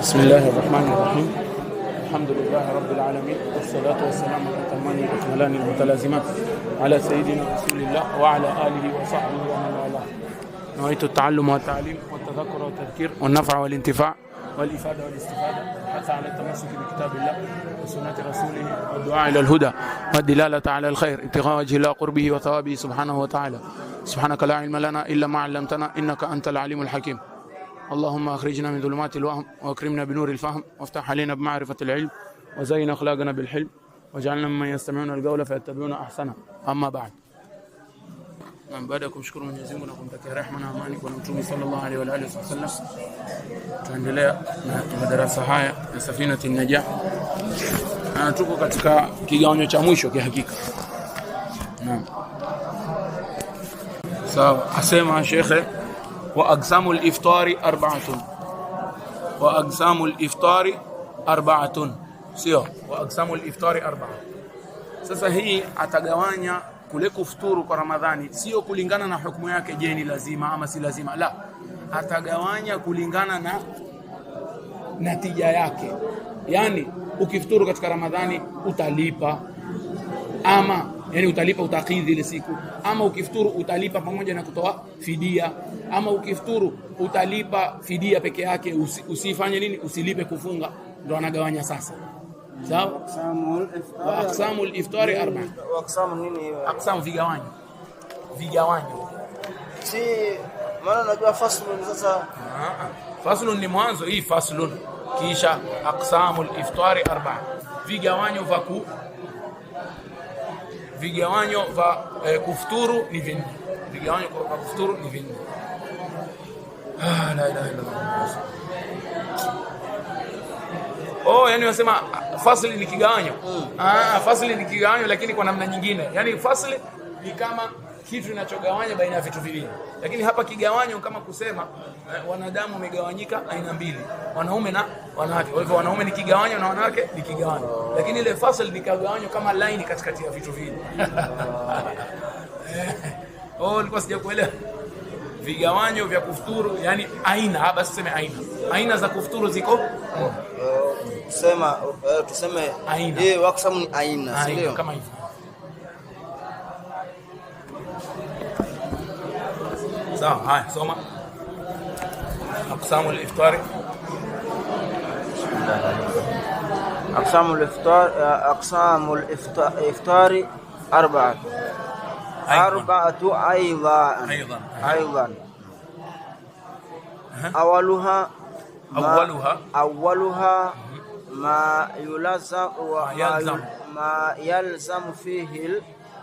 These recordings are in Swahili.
بسم الله الرحمن الرحيم الحمد لله رب العالمين والصلاة والسلام على الأتمان الأكملان المتلازمان على سيدنا رسول الله وعلى آله وصحبه ومن والاه نويت التعلم والتعليم والتذكر والتذكير والنفع والانتفاع والإفادة والاستفادة حتى على التمسك بكتاب الله وسنة رسوله والدعاء إلى الهدى والدلالة على الخير ابتغاء وجه الله قربه وثوابه سبحانه وتعالى سبحانك لا علم لنا إلا ما علمتنا إنك أنت العليم الحكيم اللهم أخرجنا من ظلمات الوهم وأكرمنا بنور الفهم وافتح علينا بمعرفة العلم وزين أخلاقنا بالحلم وجعلنا ممن يستمعون القول فيتبعون أحسنه أما بعد من بعدكم شكر من جزيم لكم تكيه رحمنا أمانك ونمتوم صلى الله عليه وآله وسلم تهندلية من دراسة هاي سفينة النجاح أنا كاتكا كتك كيغانيو تشاموشو كي حقيقة نعم سأسمع شيخي wa aqsamul liftari arbaatun, wa aqsamul iftari arbaatun, sio wa aqsamul liftari arbaa. Sasa hii atagawanya kule kufuturu kwa Ramadhani, sio kulingana na hukumu yake, je ni lazima ama si lazima? La, atagawanya kulingana na natija yake, yani ukifuturu katika Ramadhani utalipa ama yani utalipa utakidhi ile siku, ama ukifuturu utalipa pamoja na kutoa fidia, ama ukifuturu utalipa fidia peke yake, usifanye nini, usilipe kufunga. Ndo anagawanya sasa sawa. Wa aqsamul iftari arba, wa aqsamu nini? Aqsamu vigawanyo, vigawanyo si maana najua faslun. Sasa faslun ni mwanzo, hii faslun, kisha aqsamul iftari arba, vigawanyo vaku vigawanyo vya eh, kufuturu ni vinne, vigawanyo vya kufuturu ni vinne. Ah, la ilaha illa Allah. Oh, yani unasema fasli ni kigawanyo. Mm. Ah, fasli ni kigawanyo lakini kwa namna nyingine. yani fasli ni kama kitu kinachogawanya baina ya vitu viwili. Lakini hapa kigawanyo kama kusema eh, wanadamu wamegawanyika aina mbili, wanaume na wanawake. Kwa hivyo wanaume ni kigawanyo na wanawake ni kigawanyo, lakini ile fasal ni kigawanyo kama line katikati ya vitu viwili. Oh, nilikuwa sijakuelewa vigawanyo vya kufuturu, yani aina, basi tuseme aina, aina za kufuturu ziko oh. Uh, tuseme uh, tuseme aina. Yeye waksamu ni aina, sio kama hivyo أقسام هاي سوما أقسام الإفطار أقسام الإفطار أقسام الإفطار أربعة أربعة أيضا أيضا أيضا أولها أولها أولها ما يلزم ما يلزم فيه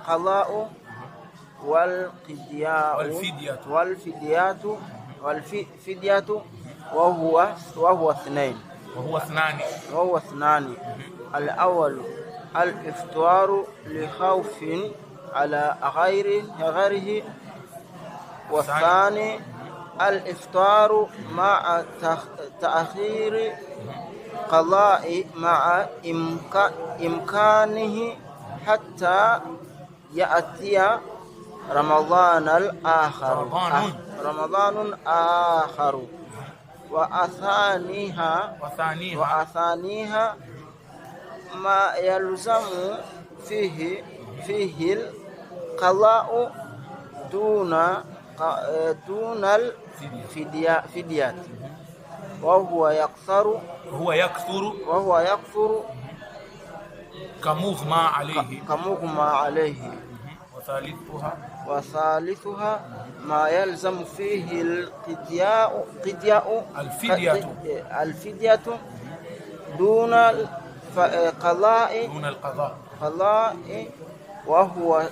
القضاء والقدياء والفديات والفديات والفدية وهو وهو اثنين وهو اثنان وهو اثنان الأول الإفطار لخوف على غير غيره والثاني الإفطار مع تأخير قضاء مع إمكانه حتى يأتي رمضان الآخر رمضان آخر وأثانيها وأثانيها ما يلزم فيه فيه القضاء دون دون الفديات وهو يكثر وهو يكثر وهو يكثر كمغمى عليه كمغمى عليه وثالثها وثالثها ما يلزم فيه القدياء قدياء الفدية الفدية دون القضاء دون القضاء قضاء وهو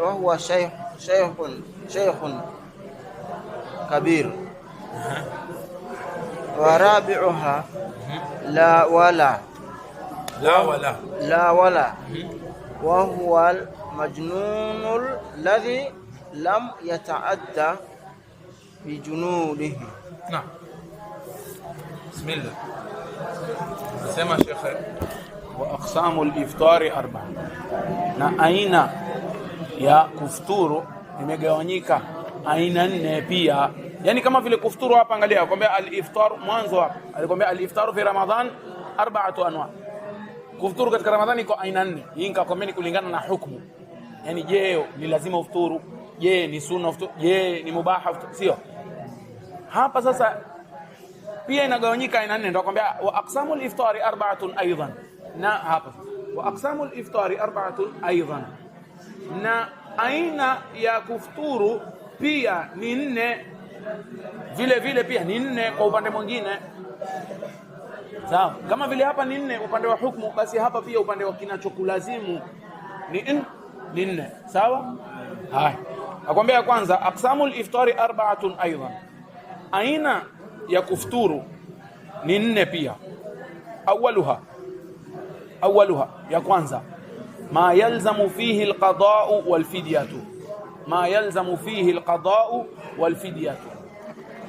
وهو شيخ شيخ شيخ كبير ورابعها لا ولا لا ولا لا ولا وهو مجنون الذي لم يتعدى بجنونه نعم بسم الله سمع شيخ واقسام الافطار اربعه نا اين يا كفتور يمغاونيكا اين النبي يعني كما في الكفتور هابا انغاليا كومبيا الافطار مانزو هابا كومبيا الافطار في رمضان اربعه انواع كفتور كتك رمضان يكو اين ان ينكا كومبيا كولينغانا حكمه yani, je, ni lazima ufuturu? Je, ni sunna ufuturu? Je, ni mubaha ufuturu? Sio hapa sasa. Pia inagawanyika aina nne, ndio kwambia wa aqsamul iftari arba'atun aidan, na hapa wa aqsamul iftari arba'atun aidan, na aina ya kufuturu pia ni nne vile vile, pia ni nne kwa upande mwingine sawa. Kama vile hapa ni nne upande wa hukumu basi hapa pia upande wa kinachokulazimu ni linne. Sawa? Haya, nakwambia ya kwanza, aqsamul iftari arba'atun aidan, aina ya kufuturu ni nne pia. Awaluha, awaluha ya kwanza, ma yalzamu fihi alqada'u walfidyatu, ma yalzamu fihi alqada'u walfidyatu,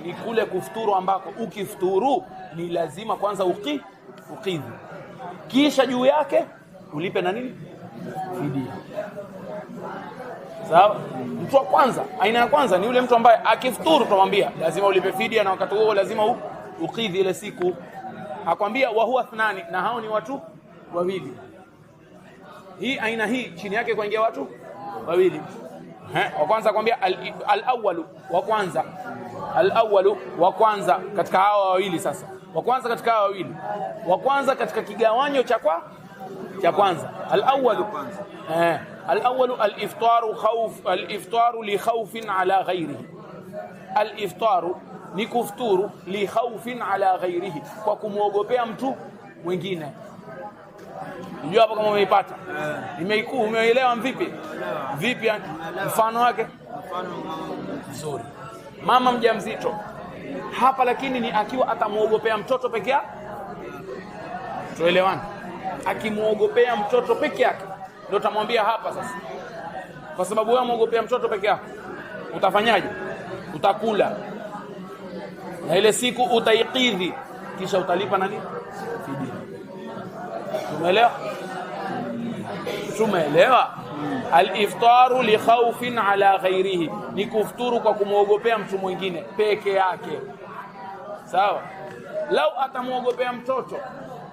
ni kule kufuturu ambako ukifuturu ni lazima kwanza uki ukidhi, kisha juu yake ulipe na nini fidia Sawa? Mtu wa kwanza, aina ya kwanza ni yule mtu ambaye akifuturu tunamwambia lazima ulipe fidia na wakati huo lazima ukidhi ile siku. Akwambia wa huwa thnani na hao ni watu wawili. Hii aina hii chini yake kuingia watu wawili. Eh, wa kwanza akwambia al-awwalu wa kwanza. al wa kwanza katika hawa wawili sasa. Wa kwanza katika hawa wawili. Wa kwanza katika kigawanyo cha kwa cha kwanza. al kwanza. Eh. الأول الإفطار خوف الإفطار لخوف على غيره الإفطار ni لخوف على غيره ghairihi, kwa kumwogopea mtu mwingine. Unajua hapo kama umeipata eh. nimeikuu, umeelewa vipi vipi? Mfano wake mzuri, mama mjamzito hapa, lakini ni akiwa atamwogopea mtoto peke yake, tuelewane, akimwogopea mtoto peke yake ndio utamwambia hapa sasa, kwa sababu wewe umeogopea mtoto peke yako, utafanyaje? Utakula na ile siku utaikidhi, kisha utalipa nani? Fidia. Tumeelewa? Tumeelewa. Aliftaru li khawfin ala ghairihi, ni kufuturu kwa kumwogopea mtu mwingine peke yake. Sawa, lau atamwogopea mtoto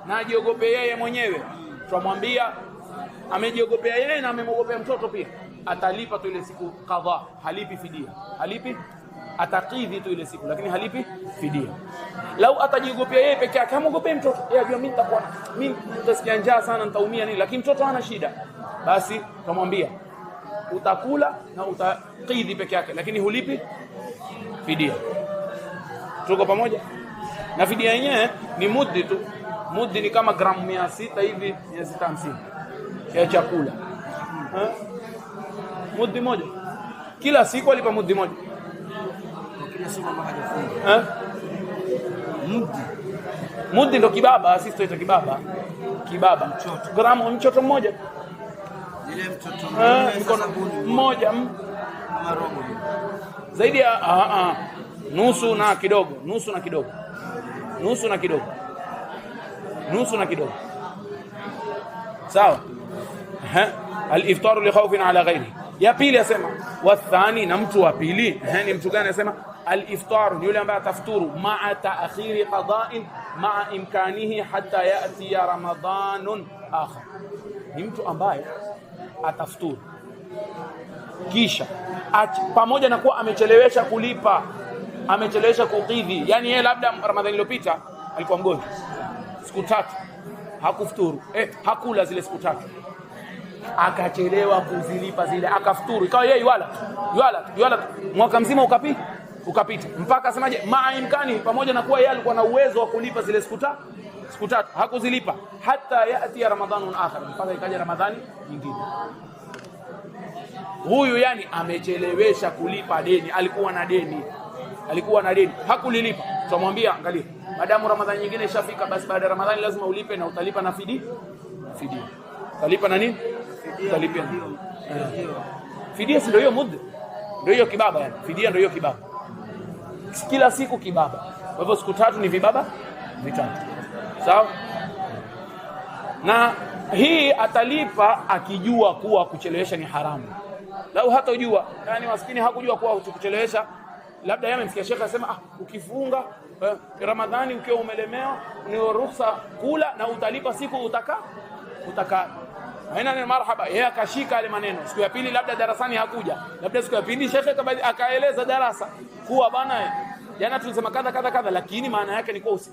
na ajiogope yeye mwenyewe tutamwambia amejiogopea yeye na amemwogopea mtoto pia, atalipa tu ile siku kadha, halipi fidia, halipi atakidhi tu ile siku, lakini halipi fidia. Lau atajiogopea yeye peke yake, hamwogopee mtoto, yeye ajua mimi nitakuwa mimi nitasikia njaa sana, nitaumia nini, lakini mtoto hana shida, basi tutamwambia utakula na utakidhi peke yake, lakini hulipi fidia. Tuko pamoja? Na fidia yenyewe ni muddi tu Mudi ni kama gramu mia sita hivi, mia sita hamsini ya chakula ha? Mudi moja kila siku alipa mudi moja ha? Mudi mudi ndo kibaba, sisi tuita kibaba kibaba, mchoto. Gramu mchoto mmoja mkono mmoja zaidi ya ah, ah. nusu na kidogo, nusu na kidogo, nusu na kidogo nusu na kidogo sawa. Aliftaru likhawfin ala ghairi. Ya pili asema wathani, na mtu wa pili ni mtu gani? Asema aliftaru ni yule ambaye atafuturu maa taakhiri qada'in maa imkanihi hata yati ya ramadanun akhar, ni mtu ambaye atafuturu kisha pamoja na kuwa amechelewesha kulipa, amechelewesha kukidhi, yani yeye labda Ramadhani iliyopita alikuwa mgonjwa siku tatu hakufuturu eh, hakula zile siku tatu, akachelewa kuzilipa zile, akafuturu ikawa yeye wala wala wala, mwaka mzima ukapi ukapita mpaka asemaje, maimkani pamoja na kuwa yeye alikuwa na uwezo wa kulipa zile siku tatu siku tatu hakuzilipa, hata yati ya ramadhanu akhar, mpaka ikaja Ramadhani nyingine. Huyu yani amechelewesha kulipa deni, alikuwa na deni, alikuwa na deni hakulilipa. Tumwambia angalia madamu Ramadhani nyingine ishafika, basi baada ya Ramadhani lazima ulipe, na utalipa na fidi Fidia utalipa na nini? Utalipa ah. fidia, si ndio hiyo muda, ndio hiyo kibaba yani. Fidia ndio hiyo kibaba, kila siku kibaba. Kwa hivyo siku tatu ni vibaba vitatu, sawa na hii atalipa akijua kuwa kuchelewesha ni haramu. Lau hatojua, yani maskini hakujua kuwa kuchelewesha labda yeye amemsikia shekhe anasema, ah, ukifunga eh, Ramadhani ukiwa umelemewa ni ruhusa kula na utalipa siku utaka utaka haina ni marhaba. Yeye akashika yale maneno, siku ya pili labda darasani hakuja, labda siku ya pili shekhe akaeleza darasa kuwa bana, jana tulisema kadha kadha kadha, lakini maana yake ni kwa usi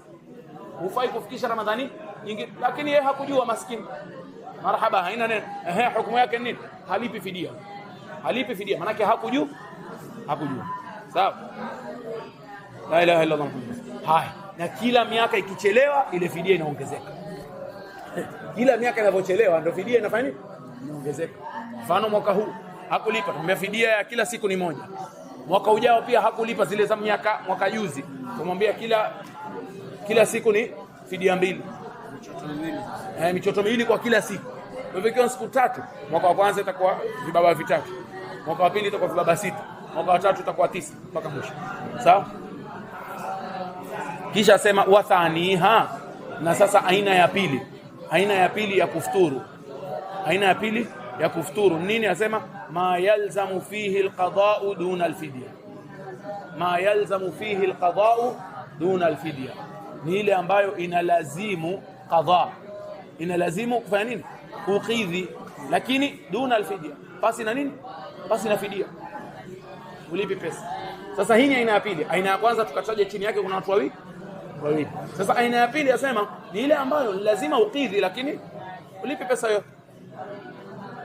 ufai kufikisha Ramadhani nyingine, lakini yeye hakujua maskini. Marhaba haina neno. Ehe, hukumu yake nini? Halipi fidia, halipi fidia, maana yake hakujua, hakujua. Sawa? La ilaha illa Allah. Haya, na kila miaka ikichelewa ile fidia inaongezeka. Kila miaka inavyochelewa ndio fidia inafanya nini? Inaongezeka. Mfano mwaka huu hakulipa, tumwambia fidia ya kila siku ni moja. Mwaka ujao pia hakulipa zile za miaka mwaka juzi, tumwambia kila kila siku ni fidia mbili, michoto eh, michoto miwili kwa kila siku. Kwa hivyo ikiwa siku tatu, mwaka wa kwanza itakuwa vibaba vitatu, mwaka wa pili itakuwa vibaba sita mwaka watatu utakuwa tisa mpaka mwisho, sawa. Kisha asema wathaniha, na sasa aina ya pili, aina ya pili ya kufuturu, aina ya pili ya kufuturu nini? Asema ma yalzamu fihi alqada'u duna alfidya, ma yalzamu fihi alqada'u duna alfidya, ni ile ambayo inalazimu qadha, inalazimu kufanya nini? Ukidhi, lakini duna alfidya, pasi na nini? Basi na fidia hulipi pesa. Sasa hii ni aina ya pili. Aina ya kwanza tukataja chini yake kuna watu wawili wawili. Sasa aina ya pili yasema ni ile ambayo lazima ukidhi, lakini ulipi pesa hiyo,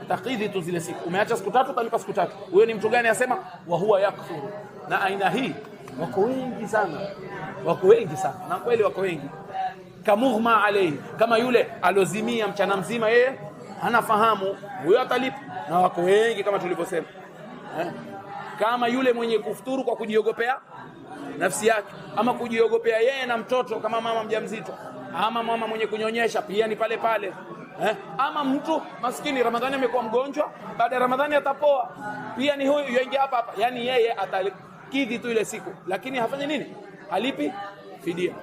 takidhi tu zile siku. Umeacha siku tatu, utalipa siku tatu. Huyo ni mtu gani? Yasema wa huwa yakfuru. Na aina hii wako wengi sana, wako wengi sana, na kweli wako wengi kamughma alayhi, kama yule alozimia mchana mzima, yeye anafahamu huyo atalipa, na wako wengi kama tulivyosema eh? kama yule mwenye kufuturu kwa kujiogopea nafsi yake, ama kujiogopea yeye na mtoto, kama mama mjamzito ama mama mwenye kunyonyesha, pia ni pale pale eh. Ama mtu maskini, Ramadhani amekuwa mgonjwa, baada ya Ramadhani atapoa, pia ni huyu yuingia hapa hapa, yani yeye atakidhi tu ile siku, lakini hafanye nini? Halipi fidia.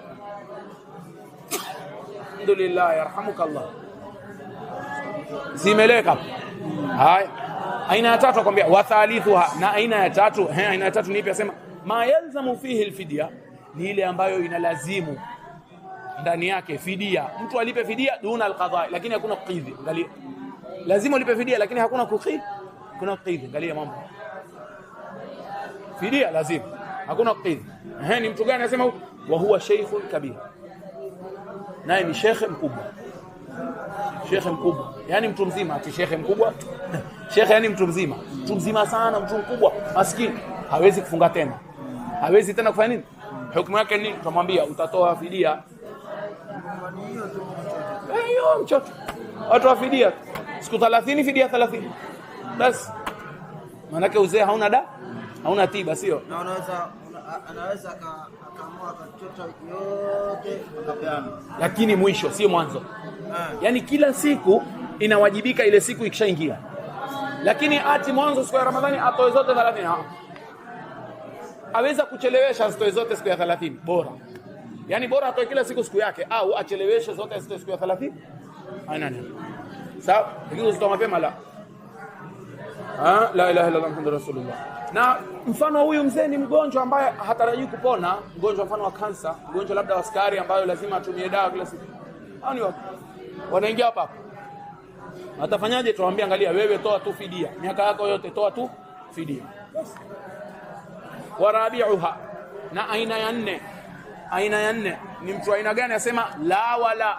Alhamdulillah, yarhamukallah. Zimeleka haya. Aina ya tatu akwambia wa thalithuha, na aina ya tatu he, aina ya tatu ni ipi? Asema ma yalzamu fihi alfidya, ni ile ambayo inalazimu ndani yake fidia, mtu alipe fidia duna alqadha, lakini hakuna qidhi. Angalia, lazima ulipe fidia, lakini hakuna kuqidhi, kuna qidhi. Angalia mambo, fidia lazima, hakuna qidhi. Ehe, ni mtu gani? Anasema wa huwa sheikhun kabir, naye ni shekhe mkubwa, shekhe mkubwa, yani mtu mzima, ati shekhe mkubwa Shekhe yani mtu mzima, mtu mzima sana, mtu mkubwa, maskini, hawezi kufunga tena, hawezi tena kufanya nini? Hukumu yake ni tunamwambia utatoa fidia. Hiyo mchoto watoa fidia siku 30, fidia 30 basi. Maanake uzee hauna da, hauna tiba, sio na unaweza anaweza lakini mwisho sio mwanzo. Yaani kila siku inawajibika ile siku ikishaingia lakini ati mwanzo siku ya Ramadhani atoe zote 30. Ah. Aweza kuchelewesha azitoe zote siku ya 30 bora, yani bora atoe kila siku siku yake, au acheleweshe zote azitoe siku ya 30. Aina ni sawa. Lakini uzitoa mapema la ha, la ilaha illa Allah Muhammadur Rasulullah. Na mfano huyu mzee ni mgonjwa ambaye hatarajii kupona, mgonjwa mfano wa kansa, mgonjwa labda wa sukari, ambayo lazima atumie dawa kila siku, au ni wapi wanaingia hapa Atafanyaje? Tunawaambia angalia, wewe toa tu fidia, miaka yako yote toa tu fidia. Warabiuha, na aina ya nne. Aina ya nne ni mtu aina gani? Asema la wala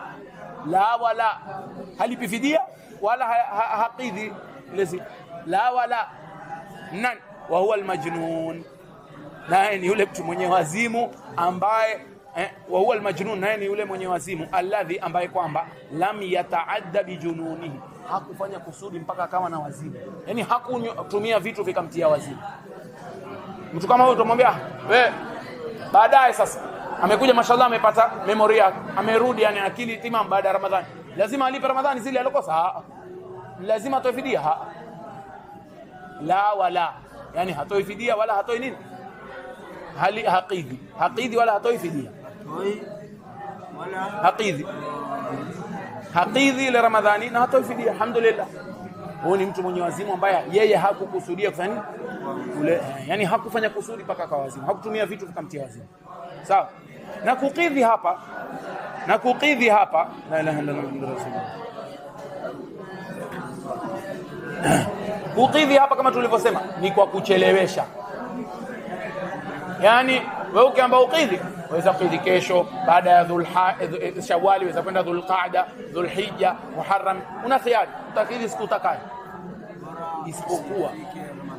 la wala, halipi fidia wala hakidhi ha, lezi la wala nan wa huwa almajnun, naye ni yule mtu mwenye wazimu ambaye Eh, wa huwa almajnun, naye ni yule mwenye wazimu, alladhi, ambaye kwamba lam yataadda bijununihi, hakufanya kusudi mpaka akawa na wazimu, yani hakutumia vitu vikamtia wazimu. Mtu kama huyo utamwambia we, eh, baadaye sasa amekuja mashallah, amepata memory yake, amerudi, yani akili timamu. Baada ya Ramadhani lazima alipe Ramadhani zile alokosa, lazima atoe fidia. La wala, yani hatoi fidia wala hatoi nini, hali haqidi haqidi wala hatoi fidia hakidhi hakidhi ile Ramadhani na hata ufidia. Alhamdulillah, huyu ni mtu mwenye wazimu ambaye yeye hakukusudia kufanya kule, yani hakufanya kusudi paka kwa wazimu, hakutumia vitu vikamtia wazimu. Sawa na kukidhi hapa na kukidhi hapa, la ilaha illa Allah. Muhammadur Rasulullah. Kukidhi hapa kama tulivyosema ni kwa kuchelewesha, yani wewe ukiamba ukidhi waweza kuhiji kesho, baada ya Shawali waweza kwenda Dhulqaada, Dhulhija, Muharram, una khiyari, utakili siku utakayo, isipokuwa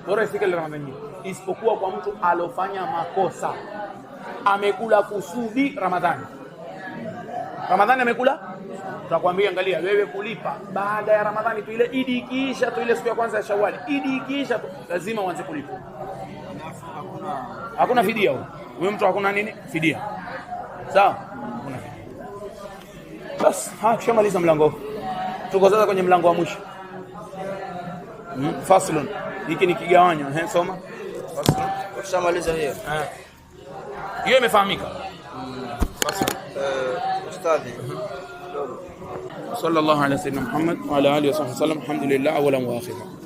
bora isike Ramadhani, isipokuwa kwa mtu alofanya makosa, amekula kusudi Ramadhani. Ramadhani amekula Tutakwambia, angalia wewe kulipa baada ya Ramadhani tu, ile idi ikiisha tu, ile siku ya kwanza ya Shawali idi ikiisha tu, lazima uanze kulipa. Hakuna fidia huko huyu mtu hakuna nini fidia. Sawa, hakuna fidia. Bas, ha tushamaliza mlango tuko sasa kwenye mlango wa mwisho. Mm, faslun hiki ni kigawanyo. Ehe, soma faslun. Tushamaliza hiyo eh, hiyo, imefahamika. Faslun. Eh, ustadhi sallallahu alaihi wasallam Muhammad wa ala alihi wasallam, alhamdulillah awalan wa akhira.